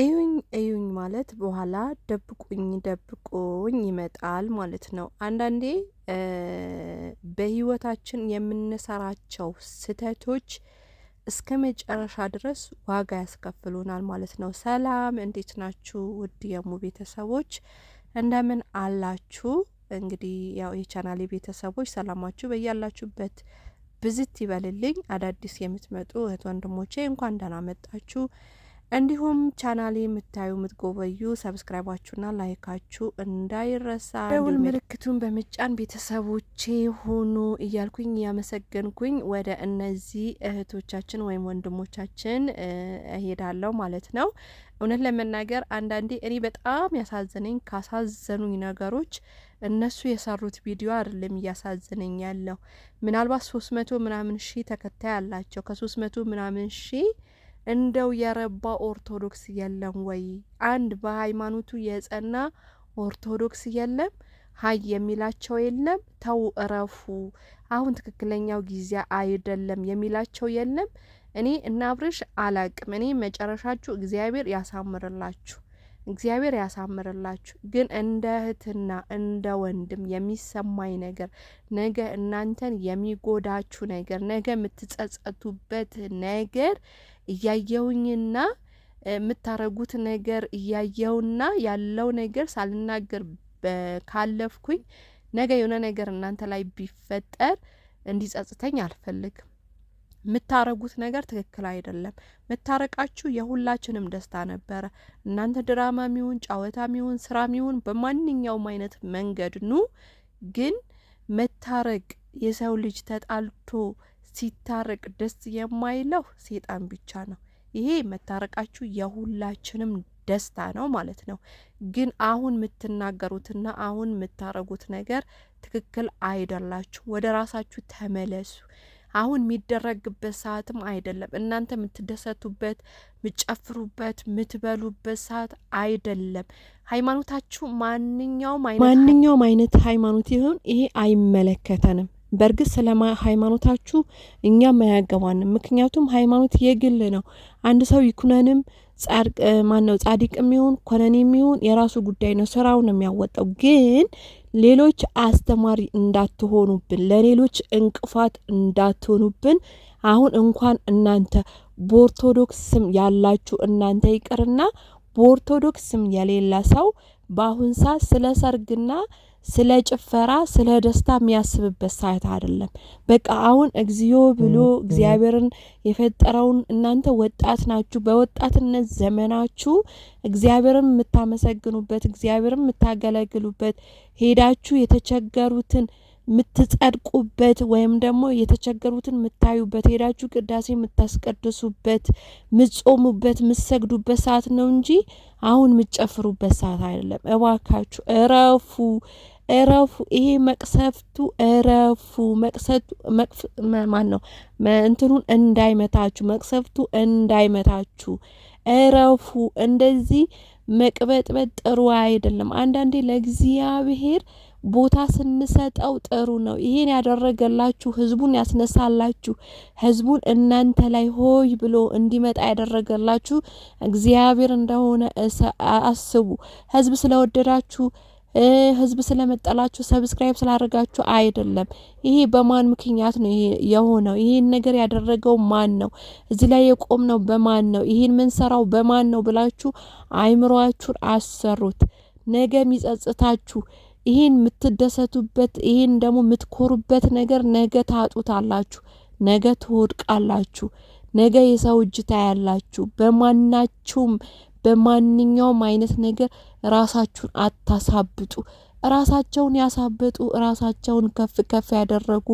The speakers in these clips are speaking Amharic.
እዩኝ እዩኝ ማለት በኋላ ደብቁኝ ደብቁኝ ይመጣል ማለት ነው። አንዳንዴ በህይወታችን የምንሰራቸው ስህተቶች እስከ መጨረሻ ድረስ ዋጋ ያስከፍሉናል ማለት ነው። ሰላም እንዴት ናችሁ? ውድ የሙ ቤተሰቦች እንደምን አላችሁ? እንግዲህ ያው የቻናሌ ቤተሰቦች ሰላማችሁ በያላችሁበት ብዝት ይበልልኝ። አዳዲስ የምትመጡ እህት ወንድሞቼ እንኳን ደህና መጣችሁ። እንዲሁም ቻናሌ የምታዩ የምትጎበዩ ሰብስክራይባችሁና ላይካችሁ እንዳይረሳ፣ ደውል ምልክቱን በምጫን ቤተሰቦቼ ሆኑ እያልኩኝ እያመሰገንኩኝ ወደ እነዚህ እህቶቻችን ወይም ወንድሞቻችን እሄዳለሁ ማለት ነው። እውነት ለመናገር አንዳንዴ እኔ በጣም ያሳዘነኝ ካሳዘኑኝ ነገሮች እነሱ የሰሩት ቪዲዮ አይደለም እያሳዘነኝ ያለው ምናልባት ሶስት መቶ ምናምን ሺህ ተከታይ አላቸው ከሶስት መቶ ምናምን ሺህ እንደው የረባ ኦርቶዶክስ የለም ወይ? አንድ በሃይማኖቱ የጸና ኦርቶዶክስ የለም? ሀይ የሚላቸው የለም? ተው እረፉ፣ አሁን ትክክለኛው ጊዜ አይደለም የሚላቸው የለም? እኔ እና አብርሽ አላቅም። እኔ መጨረሻችሁ እግዚአብሔር ያሳምርላችሁ፣ እግዚአብሔር ያሳምርላችሁ። ግን እንደ እህትና እንደ ወንድም የሚሰማኝ ነገር ነገ እናንተን የሚጎዳችሁ ነገር ነገ የምትጸጸቱበት ነገር እያየውኝና የምታረጉት ነገር እያየውና ያለው ነገር ሳልናገር ካለፍኩኝ ነገ የሆነ ነገር እናንተ ላይ ቢፈጠር እንዲጸጽተኝ አልፈልግም። የምታረጉት ነገር ትክክል አይደለም። መታረቃችሁ የሁላችንም ደስታ ነበረ። እናንተ ድራማ ሚሆን ጨዋታ ሚሆን ስራ ሚሆን በማንኛውም አይነት መንገድ ኑ፣ ግን መታረቅ የሰው ልጅ ተጣልቶ ሲታረቅ ደስ የማይለው ሴጣን ብቻ ነው። ይሄ መታረቃችሁ የሁላችንም ደስታ ነው ማለት ነው። ግን አሁን የምትናገሩትና አሁን የምታረጉት ነገር ትክክል አይደላችሁ። ወደ ራሳችሁ ተመለሱ። አሁን የሚደረግበት ሰዓትም አይደለም። እናንተ የምትደሰቱበት፣ የምትጨፍሩበት፣ የምትበሉበት ሰዓት አይደለም። ሃይማኖታችሁ ማንኛውም አይነት ሃይማኖት ይሁን ይሄ አይመለከተንም። በእርግጥ ስለ ሃይማኖታችሁ እኛም አያገባንም። ምክንያቱም ሃይማኖት የግል ነው። አንድ ሰው ይኩነንም ጻድቅ ማን ነው ጻድቅ የሚሆን ኮነኔ የሚሆን የራሱ ጉዳይ ነው፣ ስራው ነው የሚያወጣው። ግን ሌሎች አስተማሪ እንዳትሆኑብን፣ ለሌሎች እንቅፋት እንዳትሆኑብን። አሁን እንኳን እናንተ በኦርቶዶክስ ስም ያላችሁ እናንተ ይቅርና በኦርቶዶክስም የሌለ ሰው በአሁን ሰዓት ስለ ሰርግና ስለ ጭፈራ ስለ ደስታ የሚያስብበት ሰዓት አይደለም። በቃ አሁን እግዚኦ ብሎ እግዚአብሔርን የፈጠረውን እናንተ ወጣት ናችሁ። በወጣትነት ዘመናችሁ እግዚአብሔርን የምታመሰግኑበት፣ እግዚአብሔርን የምታገለግሉበት ሄዳችሁ የተቸገሩትን የምትጸድቁበት ወይም ደግሞ የተቸገሩትን የምታዩበት ሄዳችሁ ቅዳሴ የምታስቀድሱበት ምጾሙበት ምሰግዱበት ሰዓት ነው እንጂ አሁን የምትጨፍሩበት ሰዓት አይደለም። እባካችሁ እረፉ፣ እረፉ። ይሄ መቅሰፍቱ እረፉ። መቅሰቱ ማን ነው እንትኑን እንዳይመታችሁ፣ መቅሰፍቱ እንዳይመታችሁ። እረፉ። እንደዚህ መቅበጥበጥ ጥሩ አይደለም። አንዳንዴ ለእግዚአብሔር ቦታ ስንሰጠው ጥሩ ነው። ይሄን ያደረገላችሁ ህዝቡን ያስነሳላችሁ፣ ህዝቡን እናንተ ላይ ሆይ ብሎ እንዲመጣ ያደረገላችሁ እግዚአብሔር እንደሆነ አስቡ። ህዝብ ስለወደዳችሁ ህዝብ ስለመጠላችሁ ሰብስክራይብ ስላደረጋችሁ አይደለም። ይሄ በማን ምክንያት ነው ይሄ የሆነው? ይሄን ነገር ያደረገው ማን ነው? እዚህ ላይ ነው በማን ነው? ይሄን ምንሰራው በማን ነው ብላችሁ አይምሯችሁን አሰሩት። ነገ የሚጸጽታችሁ ይሄን የምትደሰቱበት ይሄን ደግሞ የምትኮሩበት ነገር ነገ ታጡታላችሁ፣ ነገ ትወድቃላችሁ፣ ነገ የሰው እጅ ታያላችሁ። በማናችሁም በማንኛውም አይነት ነገር ራሳችሁን አታሳብጡ። ራሳቸውን ያሳበጡ ራሳቸውን ከፍ ከፍ ያደረጉ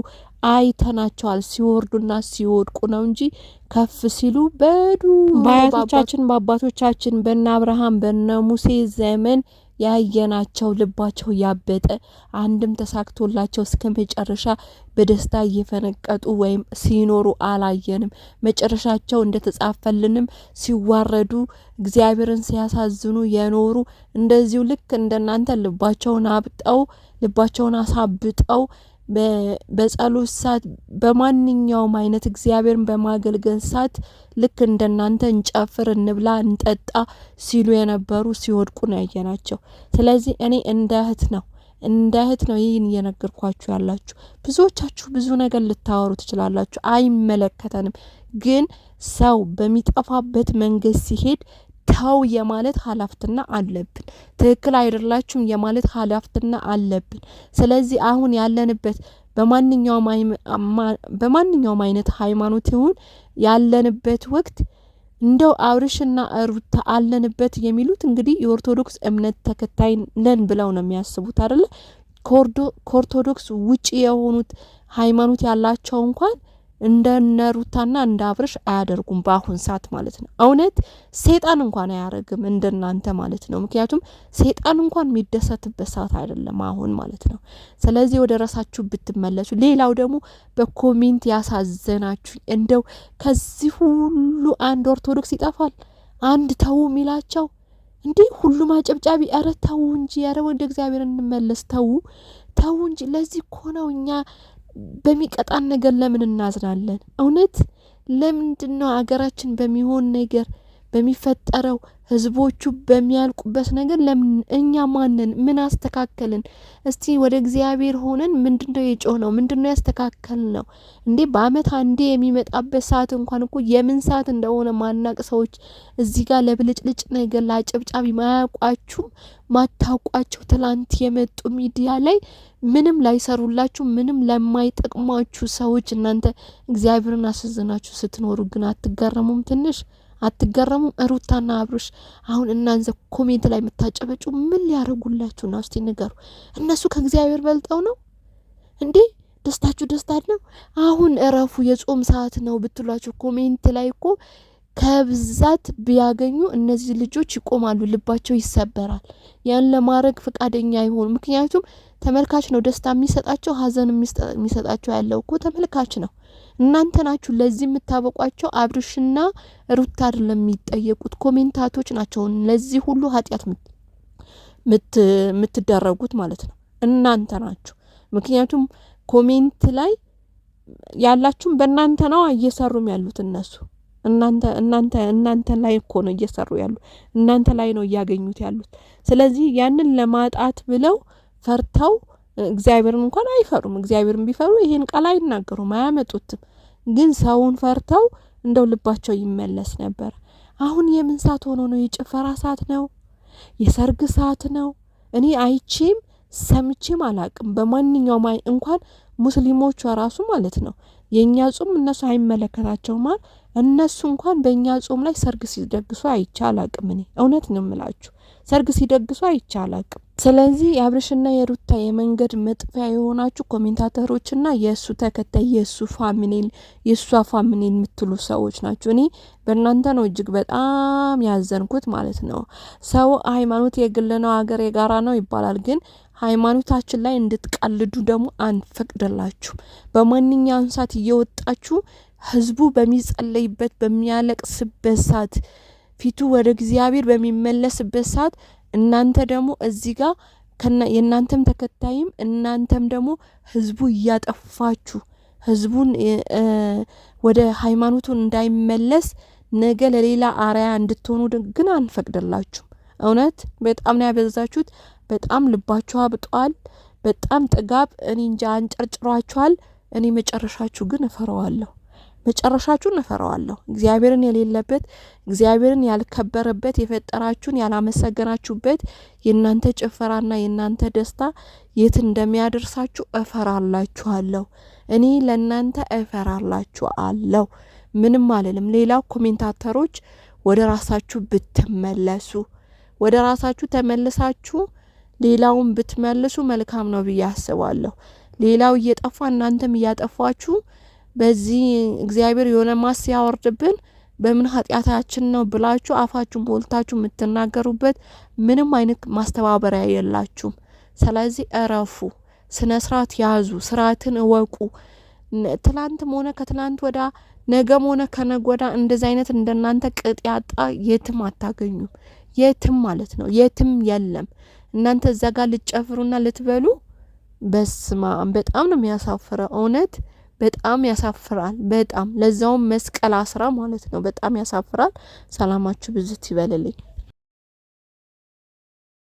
አይተናቸዋል። ሲወርዱና ሲወድቁ ነው እንጂ ከፍ ሲሉ በዱ በአያቶቻችን በአባቶቻችን በነ አብርሃም በነ ሙሴ ዘመን ያየናቸው ልባቸው ያበጠ አንድም ተሳክቶላቸው እስከ መጨረሻ በደስታ እየፈነቀጡ ወይም ሲኖሩ አላየንም። መጨረሻቸው እንደተጻፈልንም ሲዋረዱ እግዚአብሔርን ሲያሳዝኑ የኖሩ እንደዚሁ ልክ እንደናንተ ልባቸውን አብጠው ልባቸውን አሳብጠው በጸሎት ሰዓት በማንኛውም አይነት እግዚአብሔርን በማገልገል ሰዓት ልክ እንደናንተ እንጨፍር፣ እንብላ፣ እንጠጣ ሲሉ የነበሩ ሲወድቁ ነው ናቸው። ስለዚህ እኔ እንደ እህት ነው እንደ እህት ነው ይህን እየነገርኳችሁ ያላችሁ። ብዙዎቻችሁ ብዙ ነገር ልታወሩ ትችላላችሁ፣ አይመለከተንም። ግን ሰው በሚጠፋበት መንገድ ሲሄድ ተው የማለት ኃላፊትና አለብን። ትክክል አይደላችሁም የማለት ኃላፊትና አለብን። ስለዚህ አሁን ያለንበት በማንኛውም አይነት ሃይማኖት ይሁን ያለንበት ወቅት እንደው አብርሽና ሩታ አለንበት የሚሉት እንግዲህ የኦርቶዶክስ እምነት ተከታይ ነን ብለው ነው የሚያስቡት አይደለ? ከኦርቶዶክስ ውጪ የሆኑት ሃይማኖት ያላቸው እንኳን እንደነሩታና እንደ አያደርጉም በአሁን ሰዓት ማለት ነው። እውነት ሴጣን እንኳን አያረግም እንደናንተ ማለት ነው። ምክንያቱም ሴጣን እንኳን የሚደሰትበት ሰዓት አይደለም አሁን ማለት ነው። ስለዚህ ወደ ራሳችሁ ብትመለሱ። ሌላው ደግሞ በኮሜንት ያሳዘናችሁ እንደው ከዚህ ሁሉ አንድ ኦርቶዶክስ ይጠፋል አንድ ተው ሚላቸው እንዴ ሁሉም አጨብጫቢ ኧረ ተዉ እንጂ ኧረ ወደ እግዚአብሔር እንመለስ ተው ተው እንጂ ለዚህ እኮ ነው እኛ በሚቀጣን ነገር ለምን እናዝናለን? እውነት ለምንድን ነው አገራችን በሚሆን ነገር በሚፈጠረው ህዝቦቹ በሚያልቁበት ነገር ለምን እኛ ማንን ምን አስተካከልን? እስቲ ወደ እግዚአብሔር ሆነን ምንድነው የጮህ ነው? ምንድነው ያስተካከል ነው እንዴ? በአመት አንዴ የሚመጣበት ሰዓት እንኳን እኮ የምን ሰዓት እንደሆነ ማናቅ ሰዎች እዚህ ጋር ለብልጭልጭ ነገር ለአጨብጫቢ ማያውቋችሁም ማታውቋቸው ትላንት የመጡ ሚዲያ ላይ ምንም ላይሰሩላችሁ ምንም ለማይጠቅሟችሁ ሰዎች እናንተ እግዚአብሔርን አስዘናችሁ ስትኖሩ ግን አትገረሙም ትንሽ? አትገረሙም? ሩታና አብርሽ አሁን እናንዘ ኮሜንት ላይ የምታጨበጩ ምን ሊያደርጉላችሁ ነው? እስቲ ንገሩ። እነሱ ከእግዚአብሔር በልጠው ነው እንዴ? ደስታችሁ ደስታ ነው። አሁን እረፉ፣ የጾም ሰዓት ነው ብትሏቸው ኮሜንት ላይ እኮ ከብዛት ቢያገኙ እነዚህ ልጆች ይቆማሉ፣ ልባቸው ይሰበራል። ያን ለማድረግ ፈቃደኛ አይሆኑ። ምክንያቱም ተመልካች ነው ደስታ የሚሰጣቸው ሀዘን የሚሰጣቸው ያለው እኮ ተመልካች ነው። እናንተ ናችሁ ለዚህ የምታበቋቸው። አብርሽና ሩታ አይደለም የሚጠየቁት፣ ኮሜንታቶች ናቸው ለዚህ ሁሉ ኃጢአት የምትደረጉት ማለት ነው። እናንተ ናችሁ። ምክንያቱም ኮሜንት ላይ ያላችሁም በእናንተ ነው እየሰሩም ያሉት እነሱ እናንተ እናንተ እናንተ ላይ እኮ ነው እየሰሩ ያሉ እናንተ ላይ ነው እያገኙት ያሉት። ስለዚህ ያንን ለማጣት ብለው ፈርተው እግዚአብሔርን እንኳን አይፈሩም። እግዚአብሔርን ቢፈሩ ይሄን ቃል አይናገሩም፣ አያመጡትም። ግን ሰውን ፈርተው እንደው ልባቸው ይመለስ ነበር። አሁን የምን ሰዓት ሆኖ ነው? የጭፈራ ሰዓት ነው? የሰርግ ሰዓት ነው? እኔ አይቼም ሰምቼም አላቅም። በማንኛውም እንኳን ሙስሊሞቹ ራሱ ማለት ነው የእኛ ጾም እነሱ አይመለከታቸውም። እነሱ እንኳን በእኛ ጾም ላይ ሰርግ ሲደግሱ አይቼ አላቅም። እኔ እውነት ነው የምላችሁ ሰርግ ሲደግሱ አይቻላቅም። ስለዚህ የአብርሽና የሩታ የመንገድ መጥፊያ የሆናችሁ ኮሜንታተሮችና የእሱ ተከታይ የእሱ ፋሚኒል የእሷ ፋሚኒል የምትሉ ሰዎች ናቸው። እኔ በእናንተ ነው እጅግ በጣም ያዘንኩት ማለት ነው። ሰው ሃይማኖት የግል ነው፣ ሀገር የጋራ ነው ይባላል። ግን ሃይማኖታችን ላይ እንድትቀልዱ ደግሞ አንፈቅድላችሁ። በማንኛውም ሰዓት እየወጣችሁ ህዝቡ በሚጸለይበት በሚያለቅስበት ሰዓት ፊቱ ወደ እግዚአብሔር በሚመለስበት ሰዓት እናንተ ደግሞ እዚህ ጋር የእናንተም ተከታይም እናንተም ደግሞ ህዝቡ እያጠፋችሁ ህዝቡን ወደ ሃይማኖቱ እንዳይመለስ ነገ ለሌላ አርያ እንድትሆኑ ግን አንፈቅድላችሁም። እውነት በጣም ነው ያበዛችሁት። በጣም ልባችሁ አብጧል። በጣም ጥጋብ እኔ እንጃ አንጨርጭሯችኋል። እኔ መጨረሻችሁ ግን እፈረዋለሁ። መጨረሻችሁን እፈራዋለሁ። እግዚአብሔርን የሌለበት እግዚአብሔርን ያልከበረበት የፈጠራችሁን ያላመሰገናችሁበት የእናንተ ጭፈራና የእናንተ ደስታ የት እንደሚያደርሳችሁ እፈራላችኋለሁ። እኔ ለእናንተ እፈራላችኋለሁ። ምንም አልልም። ሌላው ኮሜንታተሮች ወደ ራሳችሁ ብትመለሱ ወደ ራሳችሁ ተመልሳችሁ ሌላውን ብትመልሱ መልካም ነው ብዬ አስባለሁ። ሌላው እየጠፋ እናንተም እያጠፏችሁ በዚህ እግዚአብሔር የሆነ ማስ ያወርድብን በምን ኃጢአታችን ነው ብላችሁ አፋችሁ ሞልታችሁ የምትናገሩበት ምንም አይነት ማስተባበሪያ የላችሁም። ስለዚህ እረፉ፣ ስነ ስርዓት ያዙ፣ ስርዓትን እወቁ። ትላንትም ሆነ ከትላንት ወዳ ነገም ሆነ ከነገ ወዳ እንደዚህ አይነት እንደናንተ ቅጥ ያጣ የትም አታገኙም። የትም ማለት ነው የትም የለም። እናንተ እዛ ጋር ልትጨፍሩና ልትበሉ በስማ በጣም ነው የሚያሳፍረው እውነት። በጣም ያሳፍራል። በጣም ለዛውም መስቀል አስራ ማለት ነው። በጣም ያሳፍራል። ሰላማችሁ ብዙት ይበልልኝ።